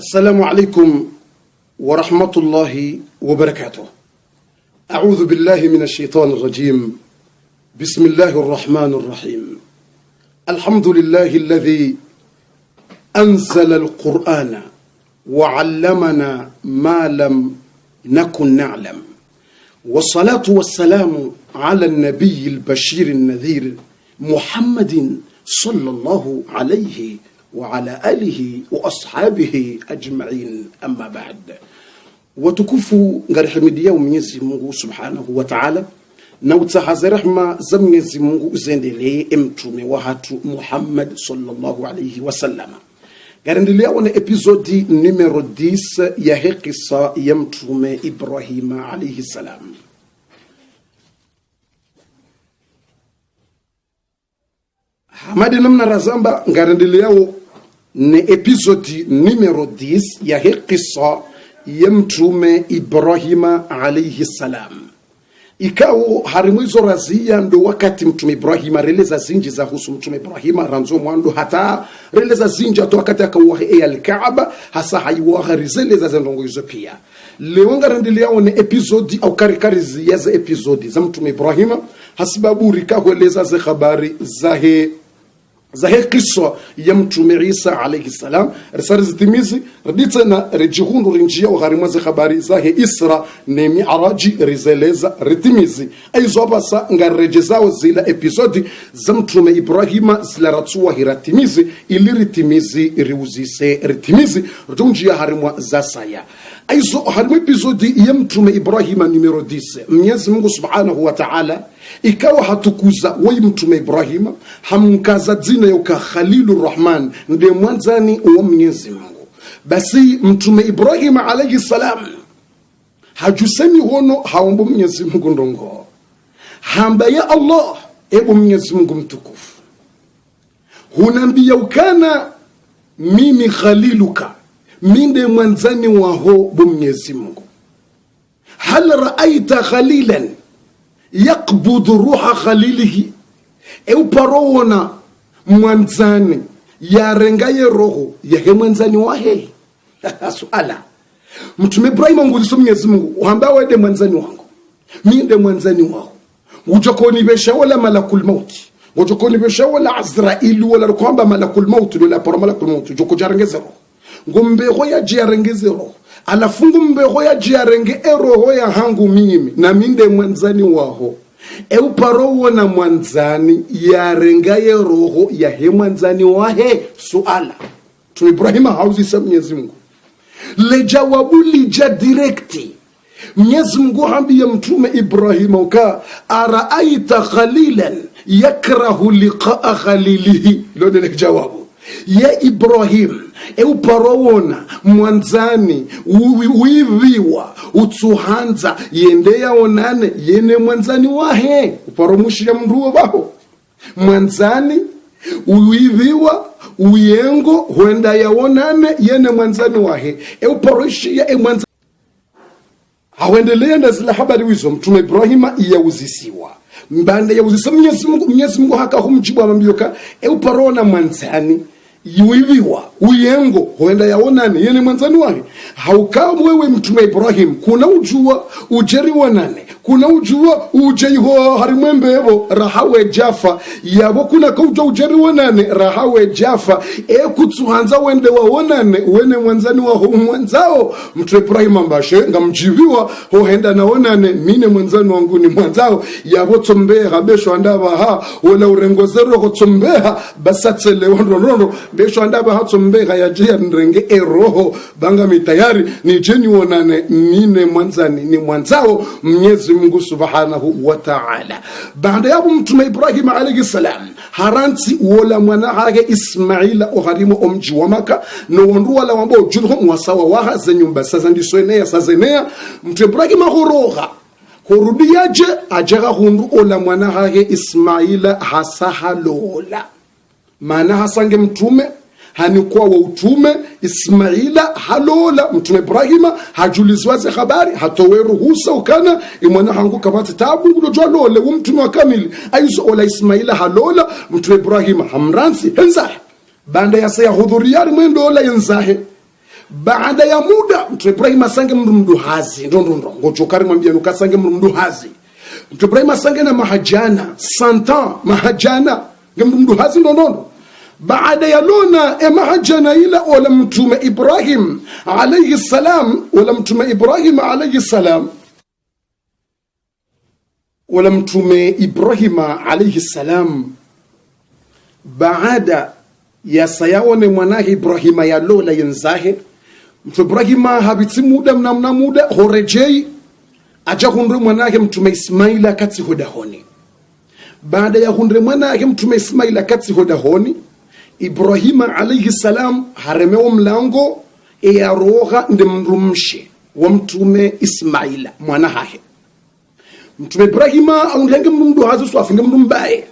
السلام عليكم ورحمة الله وبركاته أعوذ بالله من الشيطان الرجيم بسم الله الرحمن الرحيم الحمد لله الذي أنزل القرآن وعلمنا ما لم نكن نعلم والصلاة والسلام على النبي البشير النذير محمد صلى الله عليه وسلم wa ala alihi wa ashabihi ajma'in, Watukufu ngarihimidia Mwenyezi Mungu subhanahu wataala na utsahaze rehma za Mwenyezi Mungu uzendelee emtume wa hatu Muhammad sallallahu alayhi wasallam. Ngarendelea wana episodi numero 10 ya hekisa ya mtume Ibrahima alayhi salam. hamadi namna razamba ngarendelea ni episodi numero 10 ya hii ya mtume Ibrahima alayhi salam. Ikao harimu hizo razia ndo wakati mtume Ibrahima releza zinji za husu mtume Ibrahima ranzo mwando hata releza zinji ato wakati akawahi e alkaaba hasa haiwaha rizeleza za ndongo hizo pia leo ngarandili yao ni au karikari ziya za za mtume Ibrahima hasibabu rikakweleza za habari za he kiswa ya mtume Isa alayhi salam risari zitimizi riditsena na rijihundu rinjia uharimwa ze habari za he Isra ne miaraji rizeleza ritimizi aizo basa ngareje zao zila episodi za mtume Ibrahima zila ratua hiratimizi ili ritimizi riuzise ritimizi rutunjia harimwa za saya Izo, epizodi episode mtume Ibrahima numero 10 Mwenyezi Mungu subhanahu wa ta'ala ikawa hatukuza wai mtume Ibrahima hamkaza dzina yoka Khalilu Rahman ndiye mwanzani wa Mwenyezi Mungu basi mtume Ibrahima alayhi salam hajusemi hono haombo Mwenyezi Mungu ndongo hamba ya Allah ebu Mwenyezi Mungu mtukufu hunambia ukana mimi khaliluka minde mwanzani waho bu mnyezi Mungu hal raaita khalilan yakbudu ruha khalilihi euparowona mwanzani yarengaye roho yahe mwanzani wahe suala mtume Ibrahimu nguliso mnyezi Mungu uhamba wede mwanzani wangu minde mwanzani wao ujokonibesha wala malakul mauti ujokonibesha wala azrailu wala kwamba malakul mauti lola para malakul mauti jokojarengezero ngumbeko ya jiarenge zero alafu ngumbeko ya jiarenge eroho ya hangu mimi na minde mwanzani waho euparo uona mwanzani yarenga yeroho yahe mwanzani wahe suala tu Ibrahima hauzisa Mwenyezi Mungu lejawabu lija direkti Mwenyezi Mungu hambiye Mtume Ibrahima uka araaita khalilan yakrahu liqaa khalilihi lodelejawabu ye Ibrahimu e wona mwanzani wiviwa utsuhanza yende yaonane yene mwanzani wahe uparomushile mndu baho mwanzani uwiviwa uyengo hwenda yaonane yene mwanzani wahe euparoishia emwanzani awendeleye na habari wizo mtume Ibrahima iyauzisiwa mbanda uzisa mnyesi mungu mnyesi mungu haka humjibu e uparona mwanzani yuiviwa uyengo huenda yaonani yene mwanzani wahe haukamwewe wewe mtume Ibrahim kuna ujua ujeri wanane kuna kunaujua ujeiho harimwe mbevo rahawe jafa yabo kuna ka ujo ujeri ujeriwonane rahawe jafa e kutsuhanza wende wa wawonane wene mwanzani wa mwanzao mtwe prima mbashe ngamjiviwa hohenda nawonane mine mwanzani wangu ni mwanzao yavo tsombeha besho andavaha wola urengozeroko tsombeha basatselewanronrondo besho andaba andavaha tsombeha e roho banga mitayari ni jeni niwonane mine mwanzani ni mwanzao mnyezi Mungu subhanahu wa ta'ala. Baada ya Mtume Ibrahim alayhi salam haranti wola mwana harake Ismaila oharimo omji wa Maka no wonruwa la wambo julho mwasawa waha za nyumba sasa ndisoenea sasa enea Mtume Ibrahim ahoroha horudiyaje ajaga hundu ola mwana harake Ismaila hasahalola maana hasange mtume hanikuwa wa utume Ismaila halola mtume Ibrahima hajuliziwaze habari hatowe ruhusa ukana imwana hangu kapata tabu ngulojwa lole umtume wa kamili aizo ola Ismaila halola mtume Ibrahima hamransi henzahe banda yasa yahudhuriyari mwendo ola yenzahe baada ya muda mtume Ibrahima asange mndu mndu hazi ndondondo ngochokari mwambia nukasange mndu mndu hazi mtume Ibrahima asange na mahajana santan mahajana ngemndu mndu hazi ndondondo baada ya nona emahajana ila ola mtume Ibrahim alayhi salam ola mtume Ibrahim alayhi salam ola mtume ibrahim alayhi salam baada ya sayawone mwanahe Ibrahima ya lola yenzahe mtume Ibrahima habitsi muda mnamna muda horejei aja hundre mwanahe mtume Ismaila akati hodahoni baada ya hundre mwanahe mtume Ismaila akati hodahoni Ibrahima alayhi salam haremewa mlango eyarogha ndi mrumshe wa mtume Ismaila mwana hahe mtume Ibrahima aundhenge mndu hazo swafinge mndu mbaye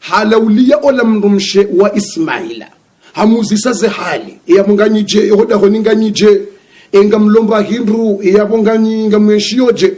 halaulia ola mrumshe wa Ismaila hamuzisa hamuzisaze hali eyamunganyije ehodaho ninganyije engamlomba hindu eyavonganyi ngamweshiyoje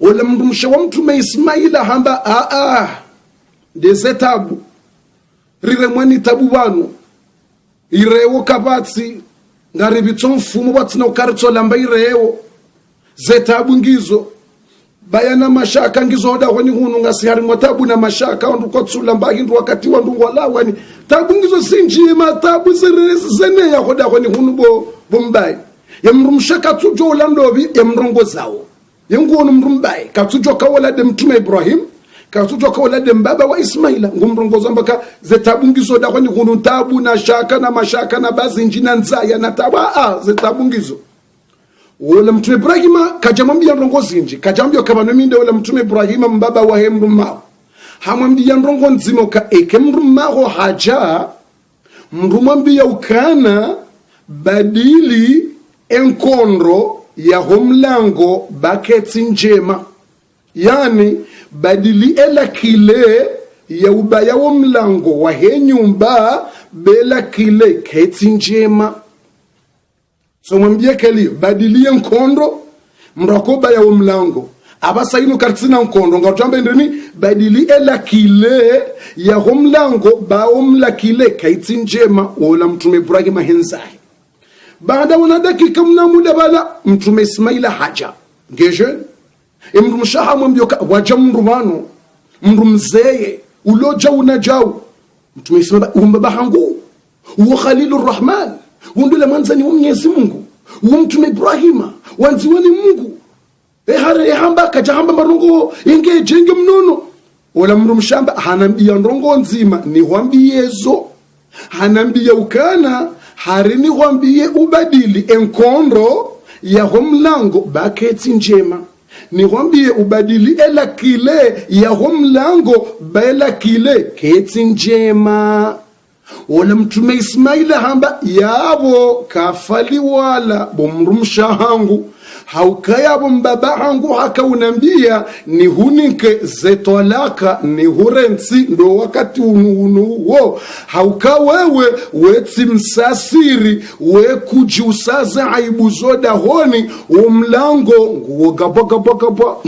ola mrumshe wa mtume Ismaila hamba aa ndeze tabu rire mwani tabu wanu irewo kabatsi ngaribitso mfumo batsina ukaritso lamba irewo zetabu ngizo na mashaka ngizoda kwani hunu ngasi mwa mwatabu na mashaka ndu kotsula mbaki ndu wakati wa ndu walawani wani tabu ngizo sinjima tabu sirisi zene ya hoda kwani hunu bo bombai yamrumshaka tsujo ulandobi yamrongo zawo yengu onu mrumbai katsujo kawala de mtume ibrahimu kazudzwaka ulade mbaba wa ismaila ngumrongozo ambaka zetabungizo dakwa ni kunu tabu na shaka na mashaka na bazinji na nzaya na tabaa zetabungizo wala mtume ibrahima kajamwambia rongo zinji kajambio kavanominde wala mtume ibrahima mbaba wa mndu mmao hamwambia rongo nzimo ka eke eh, mndu mmao haja mndu mwambia ukana badili enkondro ya homlango baketsi njema yani badiliela kile ya ubaya wa mlango wa he nyumba bela kile keti njema so mwambie kelio badilie nkondo mrako ya wa mlango abasa ino katina nkondo ngatamba ndeni badiliela kile ya ho mlango ba wo kile keti njema ola mtume Ibrahim henzai baada wana dakika mna muda bala mtume Ismaila haja ngejeni emndu mshahamwe mbyoka waja mndu wanu mndu mzeye uloja unajau mtume isema umbaba hangu uwo khalilu rahman wundule mwanzani ni mwenyezi mungu uwo mtume ibrahima wanziwe ni mungu ehare ehamba kajahamba marungo inge jenge mnono ola mndu mshamba hanambia ndongo nzima ni hwambiyezo hanambia ukana hari ni hwambiye ubadili enkondo yaho mlango baketi njema nikwambie ubadili ela kile yaho mlango baela kile ketsi njema ola mtume Ismaila hamba yabo kafali wala bomrumsha hangu haukayabo mbabahangu hakaunambia nihuninke zetwalaka nihurensi ndo wakati unuunu wo hauka wewe wetsi msasiri wekujiusaze aibu zodahoni umlango nguwogabwagabwagabwa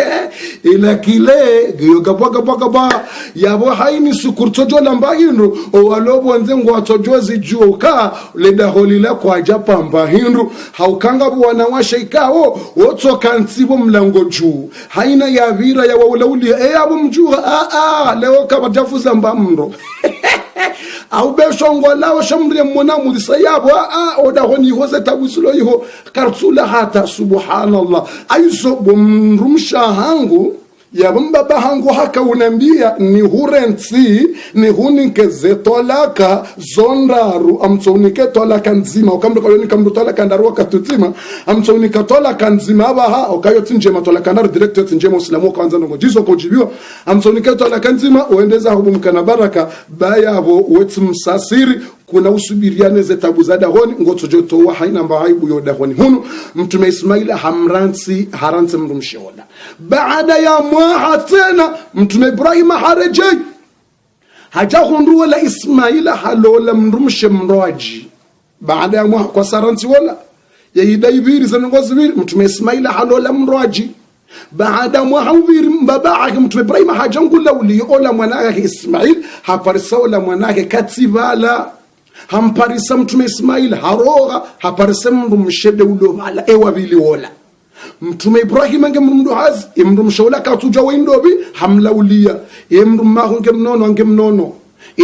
ila kile giyogabwagabwagabwa yabo haini sukurtojola mbahindu owalobwenze ngwatojozi juoka ledaholi lako ajapamba hindu haukanga bwana washe ikao oh, wotsokantsivo mlango juu haina yavira ya waulaulia eh, eyavo mjuha aa ah, ah, lewo kavadafuza mba mro aubeshongolao shamrie ah, oda honi yavo aa odahoniho zetabusiloiho karsula hata subhanallah aizo bomrumsha hangu hangu haka unambia ni yavumbabahangu hakaunambia nihurensi nihuninkezetolaka zondaru amtsounikeetolaka nzima ukamdukayonikambutolaka ndaru wakatutima amtsounikatolaka nzima avaha ukayotinjema tolaka ndaru direct yotinjema usilamu ukawanza ndongojizo ukaujibiwa amtsouniketolaka nzima uendeza hubumkana baraka bayavo msasiri kuna usubiriane ze tabu za dahoni ngoto joto wa haina mba haibu yo dahoni hunu mtume Ismaila hamransi haransi mndu mshoda baada ya mwaha tena mtume Ibrahima harejei haja hajahundu la Ismaila halola mndu mshe mroaji baada ya mwaha kwa saransi wala ya za nungozi biri mtume Ismaila halola mroaji baada mwaha ubiri mbaba mbabaake mtume Ibrahima haja hajangula uliola mwanake Ismail haparisa ola mwanake katsivala hamparisa mtume Ismail haroha haparisa mndu mshede ulovala ewaviliwola mtume ibrahim ange mndu hazi imndu e mshaula katuja waindobi hamlaulia imndu e mahu nge mnono nge mnono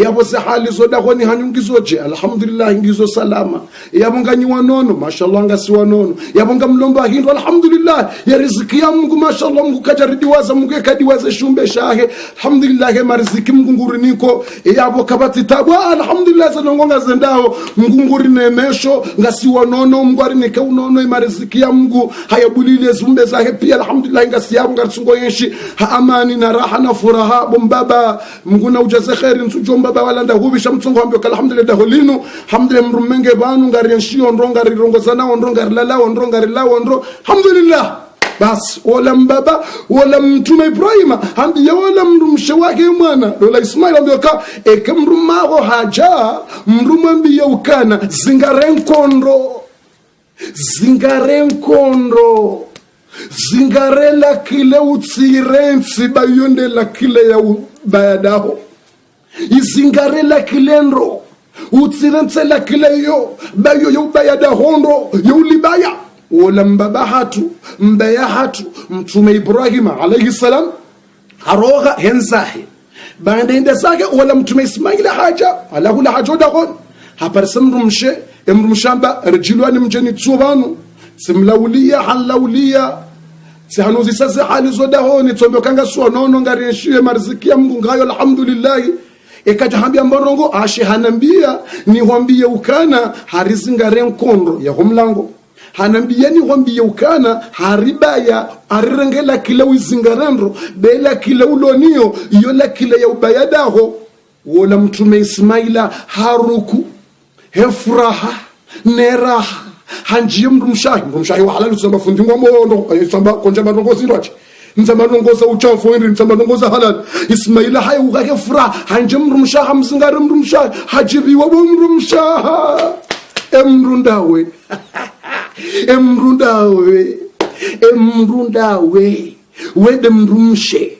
yabo sahali zodakho ni hanyu ngizoje alhamdulillah ngizo salama yabo nganyiwa nono mashallah ngasiwa nono nga mlomba hindu alhamdulillah ya riziki ya mungu mashallah mungu kajaridiwaza mungu ekadiwaza shumbe shahe alhamdulillah mariziki mungu nguriniko yabo kabatitabo alhamdulillah zanongo ngazendawo mungu ngurinemesho ngasiwa nono mungu arinike unono mariziki ya mungu hayabulile zumbe zahe pia alhamdulillah ngasiyabo ngarsungo yenshi ha amani na raha na furaha bombaba mungu na ujaze kheri nsujo mbaba wala ndahuvisha mtsongo wambio kala hamdule daho linu hamdule mndu mmenge vanu ngari nshi ondro ngari rongozana ondro ngari lala ondro ngari la ondro alhamdulillah basi wala mbaba wala mtume Ibrahima hambi yola mndu mshe wake mwana lola Ismail ambioka eke mndu maho haja mndu mwambi ukana zingare nkondro zingare nkondro zingarela kile utsire ntsiba yondela kile ya bayadaho izingarela kilendro utsirentsela kileyo bayo yobaya hondo youlibaya wola mbaba hatu mbaya hatu mtume ibrahima alaihi salam haroga hensahe bandainde sake wola mtume ismaila haja alahula hajodagon haparsemrumshe emrumshamba rjilwani mjeni tsuvanu simlaulia halaulia sihanuzi sase hali zodahoni tsombokanga suonono ngarinshie marziki ya mungu ngayo alhamdulillahi ekajahambia mbarongo ashe hanambia nihwambie ukana harizingare nkondo yaho mlango hanambia nihwambie ukana haribaya arirenge arirengela kila wizingarandro bela kila ulonio iyo la kila ya ubaya daho wola mtume ismaila haruku hefuraha neraha hanjiye mndu mshahi mndu mshahi wahalali tusamba fundi ngwa mondo tusamba eh, konja mandongo zirwache nzamalongoza uchafu indi nzamalongoza halal ismaila hayi ukake furaha hanje mndu mshaha msingari mndu mshaha hajibiwa we mndu mshaha emrundawe emrundawe emrundawe wende mrumshe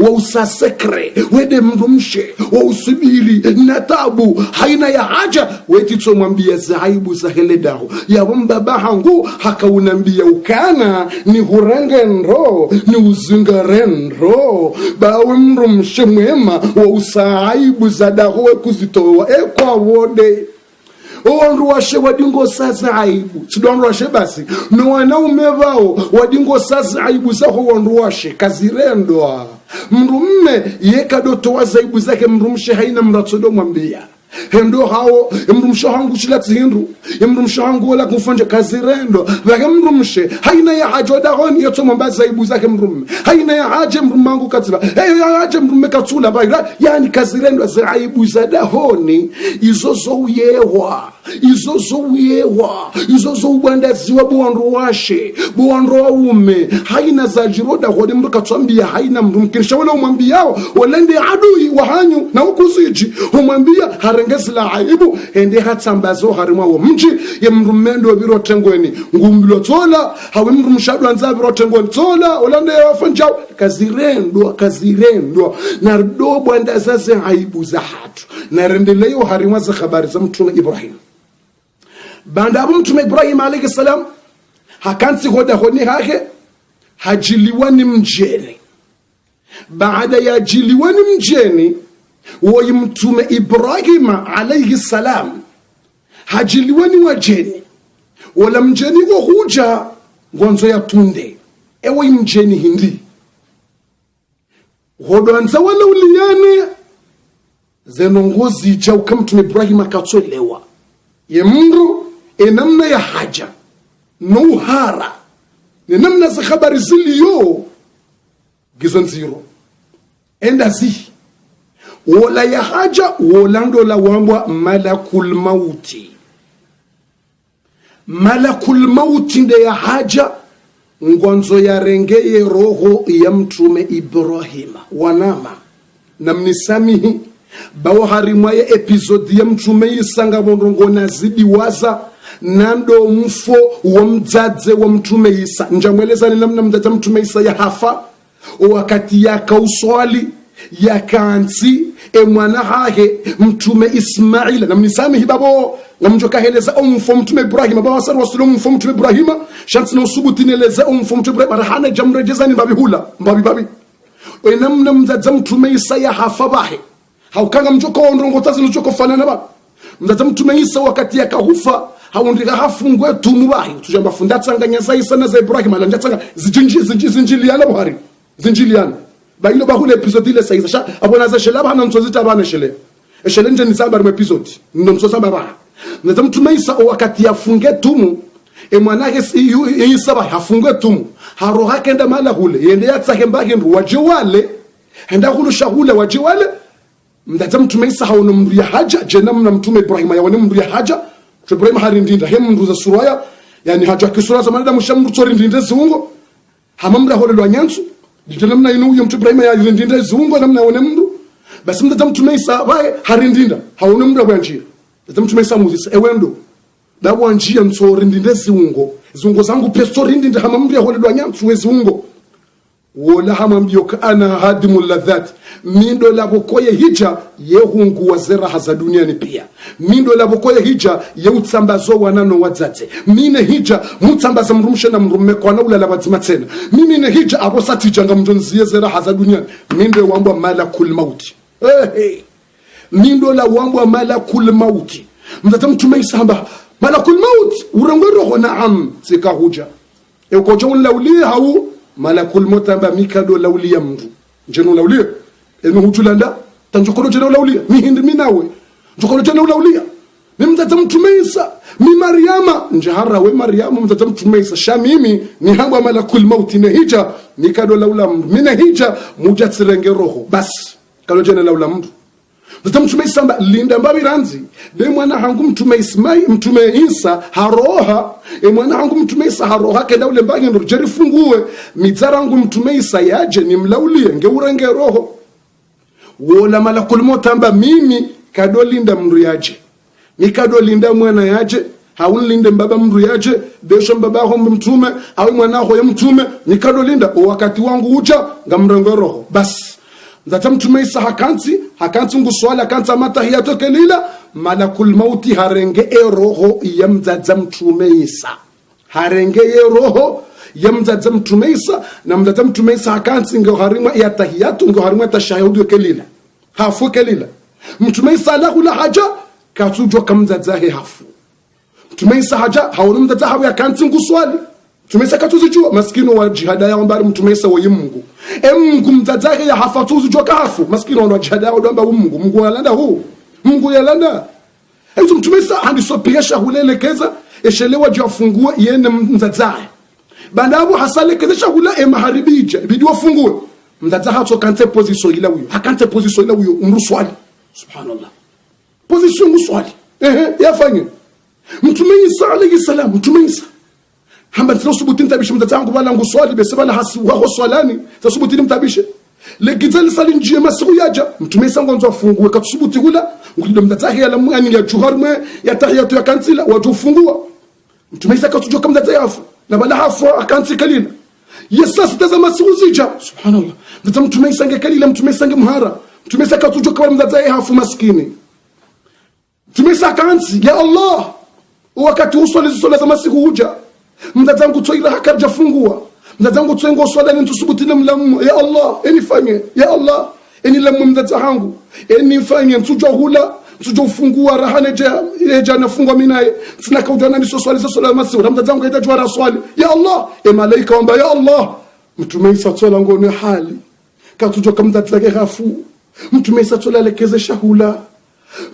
wa usasekre wende mrumshe usibiri na tabu haina ya haja wetitsomwambia zaibu zaheledaho yawambabahangu hakaunambia ukana ni hurangenro ni uzingarenro bawe mrumshe mwema wausaibu zadaho wekuzitowa e ekwawode owandu washe wadingosaza aibu sidi basi ni wanaume vao wadingosaza aibu zaho wandu washe kazirendwa mndu mme yekadotowa zaibu zake mndu mshe haina mndu atsodomwambia hendo hao imrumsha hangu chila tsihindu imrumsha hangu wala kufanja kazi rendo vake mrumshe haina ya haja honi yoto mwamba zaibu zake mrumme haina ya haja mrumme hangu katsila heyo ya haja mrumme katula baira yani kazi rendo zaibu za dahoni izo zouyewa izo zouyewa izo ziwa buwanro washe bwandu ume haina za jiroda hodi mru katswambia haina mrumkirisha wala umwambiyao walende adui wahanyu na ukuziji umwambia hare lengezi la aibu ende hatsambazo harimwa wo mji ye mrumendo mmendo viro tengweni ngumbilo tsola hawe mndu mshadwa nza viro tengweni tsola olande wafanjao kazirendwa kazirendwa narido anda zaze aibu za hatu narendeleyo harimwa za habari za mtume Ibrahim banda abu mtume Ibrahim alayhi salam hakansi hoda honi hake hajiliwani ni mjeni baada ya jiliwani mjeni woyi mtume ibrahima alaihi salam hajiliweni wajeni wala mjeni wohuja huja ngonzo ya tunde ewoyi mjeni hindi hodwanza wala uliyane zeno ngozi ukamtume ibrahima akatsoelewa ye mndu enamna ya haja nouhara nenamna namna za habari ziliyo gizo nziro enda wola ya haja wolando la wambwa malakul mauti malakul mauti nde ya haja ngwanzo yarengeye roho ya mtume Ibrahima wanama na mnisamihi bao harimwaye epizodi ya mtume isanga vonrongo nazidi waza nando mfo wa mdzadze wa mtume Isa njamwelezani namna mdzadze mtume Isa ya hafa wakati yakauswali yakansi emwana hahe mtume ismaila namnisamihi babo ngamjokaheleza omufo mtume ibrahima babasari wasule omufo mtume ibrahima shansi nosubutineleza omufo mtume ibrahima rahana jamrejezani mbabihula mbabibabi enamna mzaza mtume isa yahafa bahe haukanga mjokaondrongotazi nochokofanana ba mzaza mtume isa wakati yakahufa haundika hafungwe tumu bahe tujamba fundatsanganya za isa na za ibrahima lanjatsanga zinjiliana buhari zinjiliana ba kule episode ile saiza sha abona za shela bana msozita bana shele eshele nje nisaba mu episode ndo msosa baba ndaza mtumaisa wakati yafunge tumu e mwanake yisaba hafunge tumu haroha kenda mala kule yende yatsake mbake ndu wajiwale henda kulusha kule wajiwale ndaza mtumaisa haono mndu ya haja jena mna mtume Ibrahima yaone mndu ya haja Ibrahima harindinda he mndu za suraya yani haja kisura za manada mushamru tsori ndinde zungo hamamra holelwa nyansu ndivyo namna ino uyo mtu Ibrahima yarindinda zungwa namna aone mndu basi mndu tamtumeisa wae harindinda haone mndu abwa njira tamtumeisa muzisa ewendo dabwa njia mtsori ndinde ziungo zungo zangu pesto rindinda hama mndu yaholedwa we ziungo wola hama mbioka ana hadimu ladhati mindo lavokoye hija yehunguwa zera haza duniani pia mindo lavokoye hija yeutsambazo wanano wadzadze mine hija mutsambaza mrumshe na mrume kwana ulala wadzima tsena mimine hija avosatijanga mndonziye zera za duniani mindo yewambwa malakul mauti hey, hey. mindo la wambwa malakul mauti mtata mtume isamba malakul mauti urengweroho naam sikahuja ekocho unlaulie hau malakul mauti amba mikado laulia mndu njeno laulie enuhuchulanda tanjukolochela ulaulia mihindi minawe njukolochela ulaulia nimzaza mtume Isa mi Mariama njahara we Mariamu mzaza mtume shamimi ni hamba malakul mauti nehija nikado laula mndu minehija mujatsirenge roho basi kalojena laula mndu mzaza mtume mba linda mbabiranzi de mwana hangu mtume Ismai mtume Isa haroha e mwana hangu mtume Isa haroha kenda ule mbangi ndo jerifungue mizara hangu mtume Isa yaje nimlaulie ngeurenge roho wola malakulu tamba mimi kadolinda mru yaje mikadolinda mwana yaje haunlinde mbaba mru yaje besho mbaba mbabaho mtume awe mwana ya mtume nikadolinda wakati wangu uja ngamrengo roho basi nzata mtume isa hakanti hakanti hakansi hakansi nguswala kansa matahiatokelila malakul mauti harenge e roho ya mzaza mtume isa harenge e roho ya mdzadza mtume Isa na mdzadza mtume Isa akansi ngoharimwa ya tahiyatu ngoharimwa ya tashahudu kelila hafu kelila mtume Isa lahu la haja katujwa kamdzadza he hafu mtume Isa haja haulu mdzadza hawe akansi nguswali mtume Isa katuzijua maskini wa jihada yao mbari mtume wa yimungu e mungu ya he hafa tuzijwa kahafu maskini wa jihada yao ndamba mungu mungu yalanda huu mungu yalanda hizo mtume handi handisopiresha hulelekeza eshelewa jafungua yene mdzadzae bandabo hasalekezesha hula emaharibija e bidiwa fungue mdata hatso kante position ila uyo hakante position ila uyo umruswali subhanallah position mruswali ehe yafanye mtume Isa alayhi salam mtume Isa hamba tsubuti ntabishe mdata yangu bala ngu swali bese bala hasi wako swalani tsubuti mtabishe legitali sali njie masiku yaja mtume Isa ngonzo afungue kula hula ngulilo mdata ala mwani ya juharme ya tahiyatu ya kansila wajufungua mtume Isa ka katujoka mdata yafu na baada labadahafu akansikalina yesasa tazama sikuzija subhanallah ndata mtume isange kalila mtume isange muhara mtume isaka tujo kwa mdata hafu maskini mtume isaka anzi ya allah wakati uswali zola zama sikuja mdata ngutoa ila hakarja fungua mdata ngutoa ngo swala ni na mlamu ya allah enifanye ya allah enilamu mdata hangu enifanye mtujo hula sijofungua rahane je ile je nafungwa mimi naye sina kauja nani sio swali sio masi na mtazangu kaita jua swali ya Allah e malaika omba ya Allah mtume Isa tola ngoni hali katujo kamtataka rafu mtume Isa tola lekezesha shahula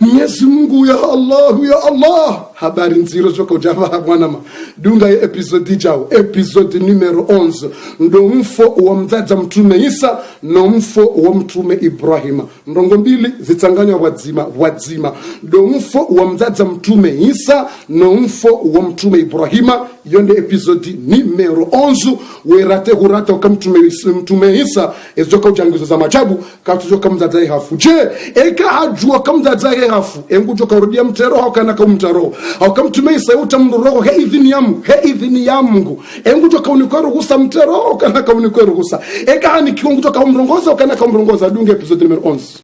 Mwenyezi Mungu ya Allahu ya Allah, habari nziro zoko jamaa mwanama dunga ya epizodi jao epizodi numero 11 ndo mfo wa mzaza mtume Isa no mfo wa mtume Ibrahima ndongo mbili zitsanganywa wadzima wadzima ndo mfo wa mzaza mtume Isa no mfo wa mtume Ibrahima hiyo ndio episodi nimero 11 werate hurate waka mtume Isa ezoka ujangizo za majabu katuzoka mzadzae hafu je eka hajua kamzadzae hafu joka karudia mtero kana hakana kamtaro hauka mtume Isa utamroro he idhini yangu he idhini engu joka unikuwa rugusa mtero kana hakana unikuwa rugusa eka hani kiwa ngu joka ni kiongozo kaumrongoza hakana kaumrongoza dunge episodi nimero 11